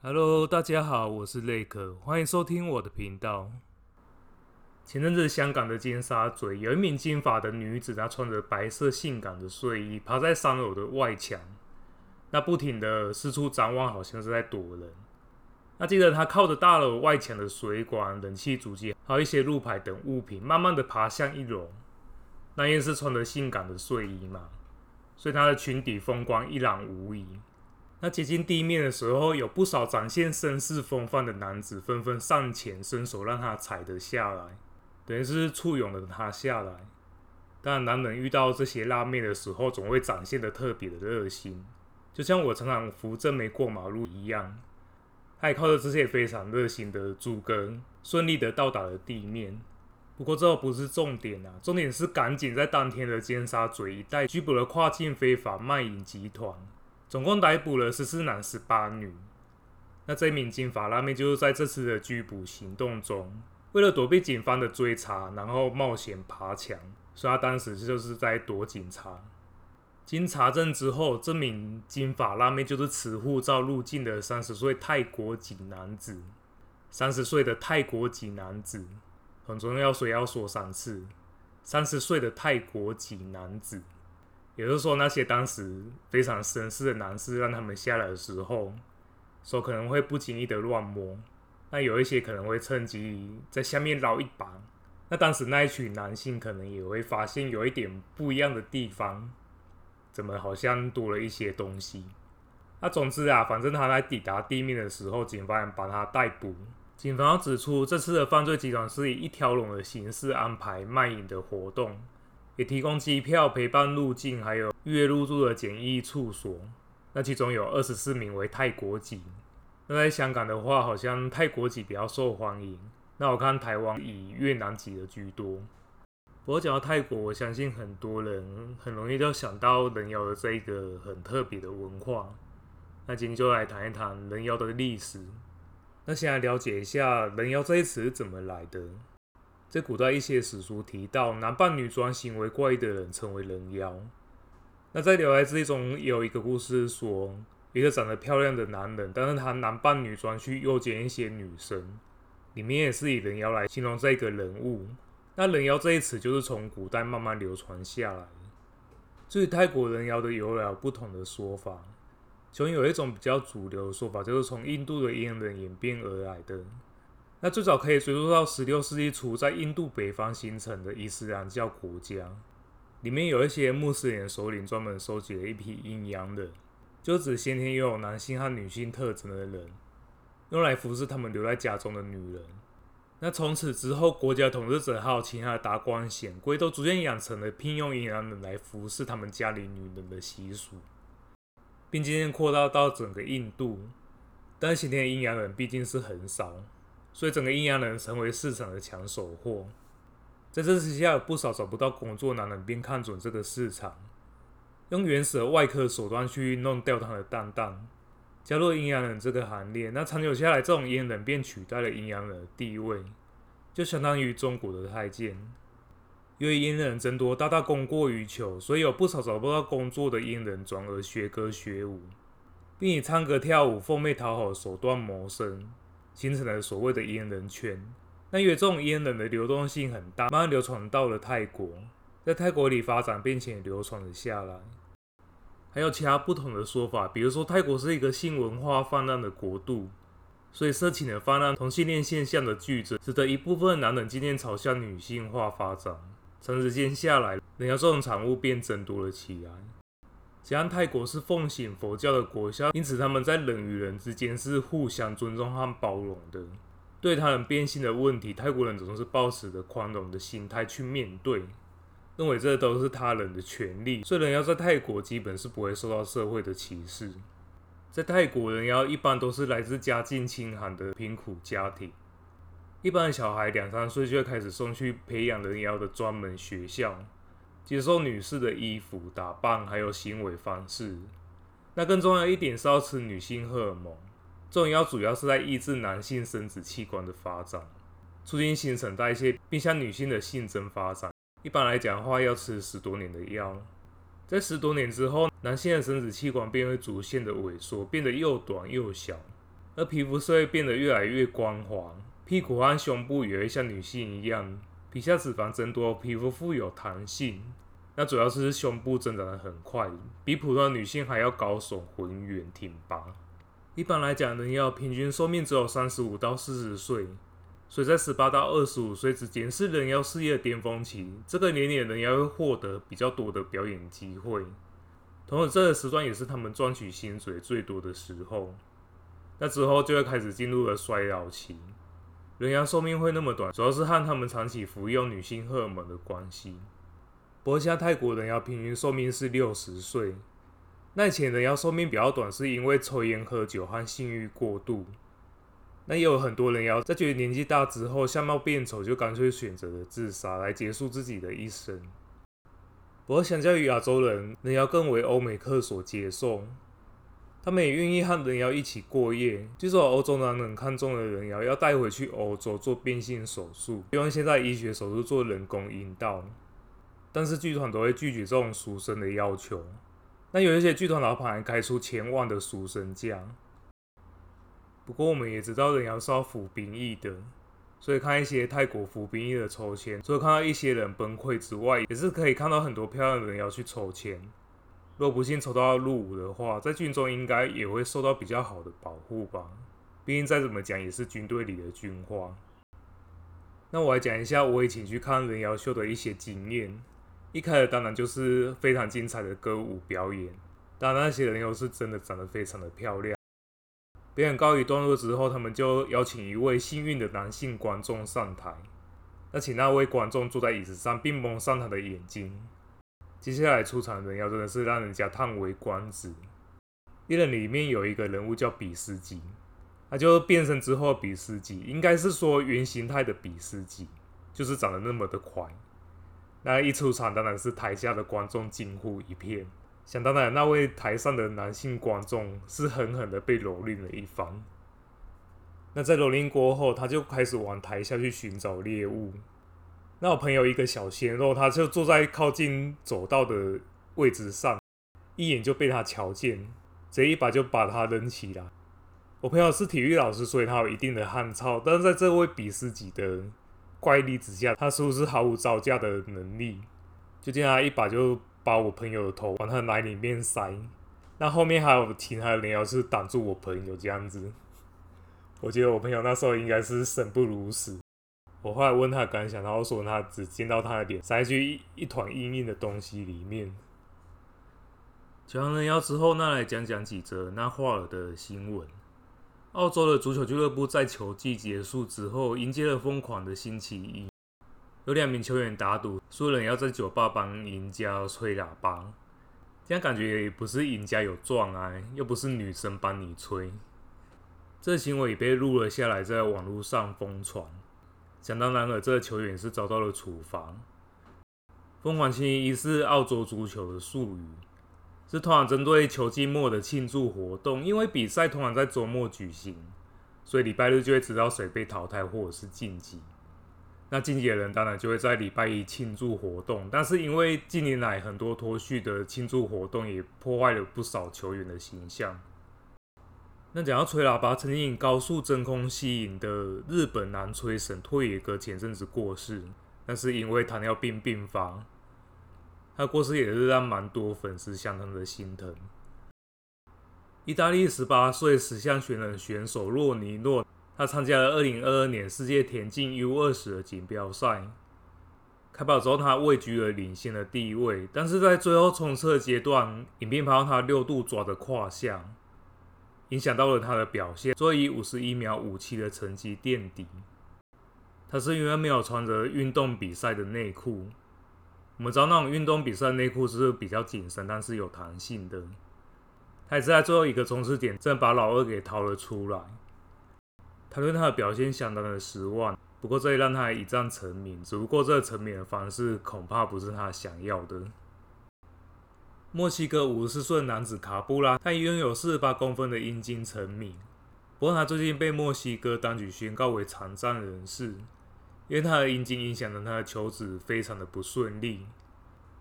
Hello，大家好，我是雷 e 歡迎收聽我的頻道。前陣子香港的尖沙咀有一名金髮的女子，她穿着白色性感的睡衣，趴在三樓的外牆，那不停的四處張望，好像是在躲人。那記得她靠着大樓外牆的水管、冷氣主機，還有一些路牌等物品，慢慢地爬向一樓。那也是穿着性感的睡衣嘛，所以她的裙底風光一覽無遺。那接近地面的時候，有不少展現紳士風範的男子紛紛上前伸手讓他踩得下來，等於是簇擁着他下來。但男人遇到這些辣妹的時候，總會展現得特別的熱心，就像我常常扶正妹過馬路一樣。他也靠着這些非常熱心的豬哥，順利地到達了地面。不過這又不是重點啊，重點是港警在當天的尖沙咀一帶拘捕了跨境非法賣淫集團。總共逮捕了十四男十八女。那這名金髮辣妹就是在這次的拘捕行動中，為了躲避警方的追查，然後冒險爬牆，所以他當時就是在躲警察。經查證之後，這名金髮辣妹就是持護照入境的三十歲泰國籍男子。三十歲的泰國籍男子，很重要，所以要說三次。三十歲的泰國籍男子。也就是說，那些當時非常紳士的男士讓他們下來的時候，手可能會不經意的亂摸，那有一些可能會趁機在下面撈一把。那當時那一群男性可能也會發現有一點不一樣的地方，怎麼好像多了一些東西？那總之啊，反正他在抵達地面的時候，警方把他逮捕。警方要指出，這次的犯罪集團是以一條龍的形式安排賣淫的活動。也提供機票、陪伴、入境，還有月入住的簡易處所。那其中有二十四名為泰國籍。那在香港的話，好像泰國籍比較受歡迎。那我看台灣以越南籍的居多。不過講到泰國，我相信很多人很容易就想到人妖的這一個很特別的文化。那今天就來談一談人妖的歷史。那先來了解一下“人妖”這一詞怎麼來的。在古代，一些史書提到男扮女裝、行為怪異的人稱為人妖。那在《聊齋誌異》中有一個故事說，說一個長得漂亮的男人，但是他男扮女裝去誘奸一些女生，裡面也是以人妖來形容這一個人物。那人妖這一詞就是從古代慢慢流傳下來。至於泰國人妖的由來，有不同的說法。其中有一種比較主流的說法，就是從印度的閹人演變而來的。那最早可以追溯到十六世紀初，在印度北方形成的伊斯蘭教國家，裡面有一些穆斯林首領專門收集了一批陰陽人，就指先天擁有男性和女性特徵的人，用來服侍他們留在家中的女人。那從此之後，國家統治者和其他的達官顯貴都逐漸養成了聘用陰陽人來服侍他們家裡女人的習俗，並漸漸擴大到整個印度。但先天的陰陽人畢竟是很少。所以，整個陰陽人成為市場的搶手貨。在這之下，有不少找不到工作男人便看準這個市場，用原始的外科手段去弄掉他的蛋蛋，加入陰陽人這個行列。那長久下來，這種閹人便取代了陰陽人的地位，就相當於中國的太監。由於閹人增多，大大供過於求，所以有不少找不到工作的閹人轉而學歌學舞，並以唱歌跳舞奉媚討好手段謀生。形成了所謂的閹人圈。那因為這種閹人的流動性很大，慢慢流傳到了泰國，在泰國裡發展，並且流傳了下來。還有其他不同的說法，比如說泰國是一個性文化泛濫的國度，所以色情的泛濫，同性戀現象的劇增，使得一部分男人漸漸朝向女性化發展。長時間下來，人妖這種產物便增多了起來。加上泰國是奉行佛教的國家，因此他們在人與人之間是互相尊重和包容的。對他人變性的問題，泰國人總是抱持着寬容的心態去面對，認為這都是他人的權利。所以人妖在泰國基本是不會受到社會的歧視。在泰國人妖一般都是來自家境清寒的貧苦家庭，一般的小孩兩三歲就會開始送去培養人妖的專門學校。接受女士的衣服、打扮，還有行為方式。那更重要一點是要吃女性荷爾蒙，這種藥主要是在抑制男性生殖器官的發展，促進新陳代謝，並向女性的性徵發展。一般來講的話，要吃十多年的藥。在十多年之後，男性的生殖器官便會逐漸的萎縮，變得又短又小，而皮膚是會變得越來越光滑，屁股和胸部也會像女性一樣。皮下脂肪增多，皮膚富有彈性。那主要是胸部增長得很快，比普通女性還要高聳、渾圓、挺拔。一般來講，人妖平均壽命只有三十五到四十歲，所以在十八到二十五歲之間是人妖事業的巔峰期。這個年齡人妖會獲得比較多的表演機會，同時這個時段，也是他們賺取薪水最多的時候。那之後就會開始進入了衰老期。人妖壽命會那麼短，主要是和他們長期服用女性荷爾蒙的關係。不過像泰國人妖平均壽命是六十歲。那以前人妖壽命比較短，是因為抽煙、喝酒和性欲過度。那也有很多人妖在覺得年紀大之後，相貌變醜，就乾脆選擇了自殺來結束自己的一生。不過相較於亞洲人，人妖更為歐美客所接受。他們也願意和人妖一起過夜。據說歐洲男人看中的人妖要帶回去歐洲做變性手術，用現在醫學手術做人工陰道。但是劇團都會拒絕這種贖身的要求。那有一些劇團老板還開出千萬的贖身價。不過我們也知道人妖是要服兵役的，所以看一些泰國服兵役的抽籤，除了看到一些人崩潰之外，也是可以看到很多漂亮的人妖去抽籤。若不幸抽到入伍的話，在軍中應該也會受到比較好的保護吧？畢竟再怎麼講也是軍隊裡的軍花。那我來講一下我以前去看人妖秀的一些經驗。一開始當然就是非常精彩的歌舞表演，但那些人妖是真的長得非常的漂亮。表演告一段落之後，他們就邀請一位幸運的男性觀眾上台。那請那位觀眾坐在椅子上，並蒙上他的眼睛。接下來出場的人妖真的是讓人家嘆為觀止。藝人裡面有一個人物叫比斯基，他就變身之後比斯基，應該是說原形態的比斯基，就是長得那麼的寬。那一出場當然是台下的觀眾驚呼一片，想當然那位台上的男性觀眾是狠狠的被蹂躪了一番。那在蹂躪過後，他就開始往台下去尋找獵物。那我朋友一個小鮮肉，他就坐在靠近走道的位置上，一眼就被他瞧見，直接一把就把他扔起來。我朋友是體育老師，所以他有一定的漢操，但是在這位鄙視級的怪力之下，他似乎是毫無招架的能力，就見他一把就把我朋友的頭往他奶裡面塞。那後面還有其他的人妖是擋住我朋友這樣子，我覺得我朋友那時候應該是生不如死。我後來問他的感想，然後說他只見到他的臉塞進一一團硬硬的東西裡面。講了人妖之後，那來講講幾則那話兒的新聞。澳洲的足球俱樂部在球季結束之後，迎接了瘋狂的星期一。有兩名球員打賭，說人要在酒吧幫贏家吹喇叭。這樣感覺也不是贏家有賺啊，又不是女生幫你吹。這個、行為也被錄了下來，在網絡上瘋傳。想當然了，這個球員是遭到了處罰。瘋狂星期一是澳洲足球的術語，是通常針對球季末的慶祝活動。因為比賽通常在周末舉行，所以禮拜日就會知道誰被淘汰或者是晉級。那晉級的人當然就會在禮拜一慶祝活動，但是因為近年來很多脫序的慶祝活動也破壞了不少球員的形象。那講到吹喇叭，曾經以高速真空吸引的日本男吹神拓也哥前陣子過世，但是因為糖尿病併發，他的過世也是讓蠻多粉絲相當的心疼。意大利十八歲十項全能選手洛尼諾，他參加了二零二二年世界田徑 U 二十的錦標賽，開跑之後他位居了領先的地位，但是在最後衝刺階段，影片拍到他六度抓著胯下。影響到了他的表現，所以五十一秒五七的成績墊底。他是因為沒有穿着運動比賽的內褲，我們知道那種運動比賽內褲是比較緊身，但是有彈性的。他也是在最後一個衝刺點，正把老二給掏了出來。他對他的表現相當的失望，不過這也讓他一戰成名。只不過這個成名的方式恐怕不是他想要的。墨西哥五十四歲男子卡布拉，他擁有四十八公分的陰莖成名。不過，他最近被墨西哥當局宣告為殘障人士，因為他的陰莖影響了他的求職，非常的不順利。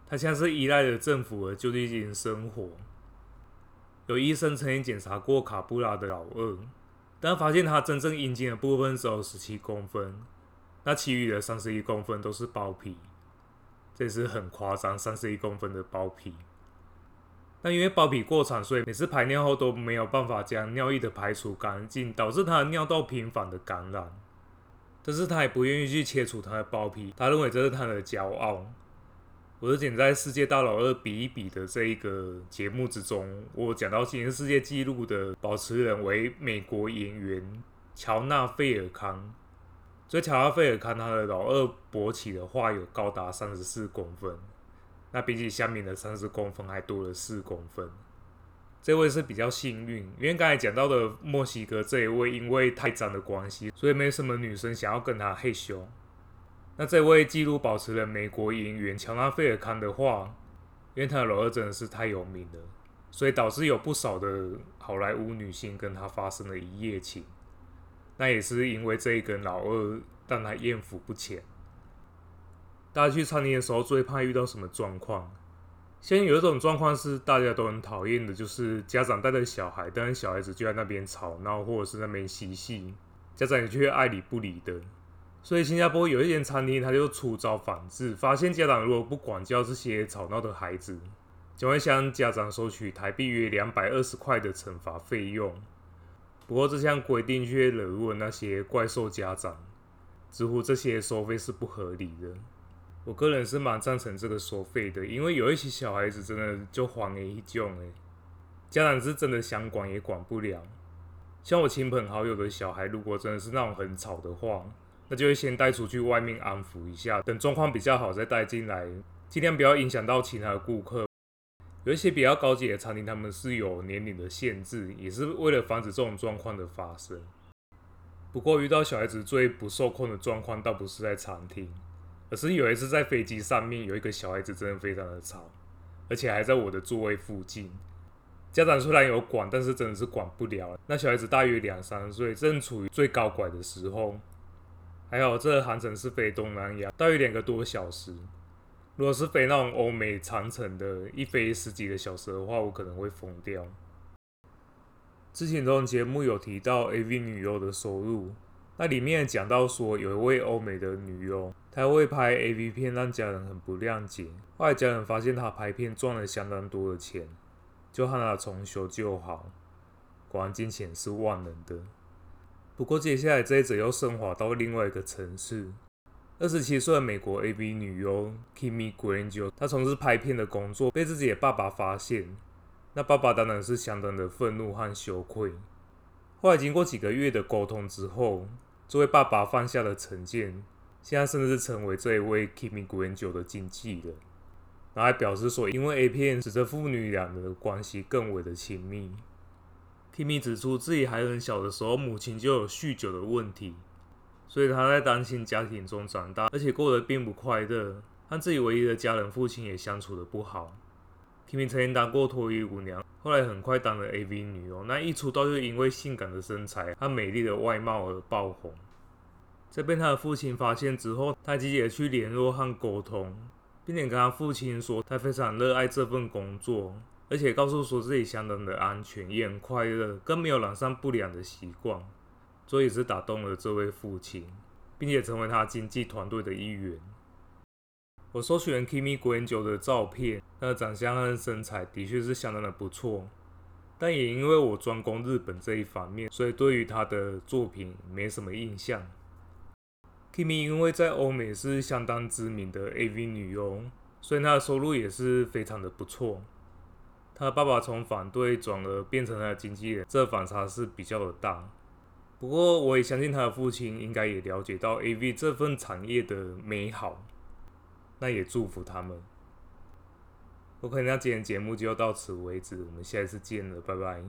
他現在是依賴着政府和救濟金生活。有醫生曾經檢查過卡布拉的老二，但發現他真正陰莖的部分只有十七公分，那其餘的三十一公分都是包皮。這也是很誇張，三十一公分的包皮。但因為包皮過長，所以每次排尿後都沒有辦法將尿液的排除乾淨，導致他尿道頻繁的感染。但是他也不願意去切除他的包皮，他認為這是他的驕傲。我之前在世界大老二比一比的這一個節目之中，我講到今年世界紀錄的保持人為美國演員喬納·菲爾康。所以喬納·菲爾康他的老二勃起的話有高達三十四公分。那比起下面的三十公分還多了四公分，這位是比較幸運，因為剛才講到的墨西哥這一位，因為太長的關係，所以沒什麼女生想要跟他嘿咻。那這位記錄保持了美國演員喬納·費爾康的話，因為他的老二真的是太有名了，所以導致有不少的好萊塢女星跟他發生了一夜情。那也是因為這一根老二讓他艷福不淺。大家去餐廳的時候，最怕遇到什麼狀況？現有一種狀況是大家都很討厭的，就是家長帶着小孩，但是小孩子就在那邊吵鬧，或者是那邊嬉戲，家長也就會愛理不理的。所以新加坡有一間餐廳，他就出招反制，發現家長如果不管教這些吵鬧的孩子，就會向家長收取台幣約兩百二十塊的懲罰費用。不過這項規定卻惹怒了那些怪獸家長，直呼這些收費是不合理的。我個人是蠻贊成這個收費的，因為有一些小孩子真的就歡誒一欉誒，家長是真的想管也管不了。像我親朋好友的小孩，如果真的是那種很吵的話，那就會先帶出去外面安撫一下，等狀況比較好再帶進來，儘量不要影響到其他的顧客。有一些比較高級的餐廳，他們是有年齡的限制，也是為了防止這種狀況的發生。不過遇到小孩子最不受控的狀況，倒不是在餐廳。可是有一次在飛機上面有一個小孩子真的非常的吵，而且還在我的座位附近。家長雖然有管，但是真的是管不了。那小孩子大約兩三歲，正處於最高拐的時候。還好這航程是飛東南亞，大約兩個多小時。如果是飛那種歐美長程的，一飛十幾個小時的話，我可能會瘋掉。之前這種節目有提到 AV 女優的收入。那裡面講到說，有一位歐美的女優，她會拍 AV 片，讓家人很不諒解。後來家人發現她拍片賺了相當多的錢，就和她重修舊好。果然金錢是萬能的。不過接下來這一則又升華到另外一個層次：二十七歲的美國 AV 女優 Kimmy Granger，她從事拍片的工作，被自己的爸爸發現。那爸爸當然是相當的憤怒和羞愧。後來經過幾個月的溝通之後，作為爸爸放下的成見，現在甚至是成為這一位 Kimi 古 g 酒的經紀人，然後還表示說，因為 A 片使得父女倆的關係更為的親密。Kimi 指出自己還很小的時候，母親就有酗酒的問題，所以他在單親家庭中長大，而且過得並不快樂，和自己唯一的家人父親也相處的不好。明明曾經當過脫衣舞娘，後來很快當了 AV 女優。那一出道就因為性感的身材和美麗的外貌而爆紅。在被他的父親發現之後，他積極地去聯絡和溝通，並且跟他父親說他非常熱愛這份工作，而且告訴說自己相當的安全，也很快樂，更沒有染上不良的習慣。所以也是打動了這位父親，並且成為他經紀團隊的一員。我搜選 Kimi 國宴久的照片，他的長相和身材的確是相當的不錯，但也因為我專攻日本這一方面，所以對於她的作品沒什麼印象。Kimi 因為在歐美是相當知名的 AV 女優，所以她的收入也是非常的不錯。她的爸爸從反對轉而變成她的經紀人，這反差是比較的大。不過我也相信她的父親應該也了解到 AV 這份產業的美好。那也祝福他們。OK，那今天節目就到此為止，我們下次見了，拜拜。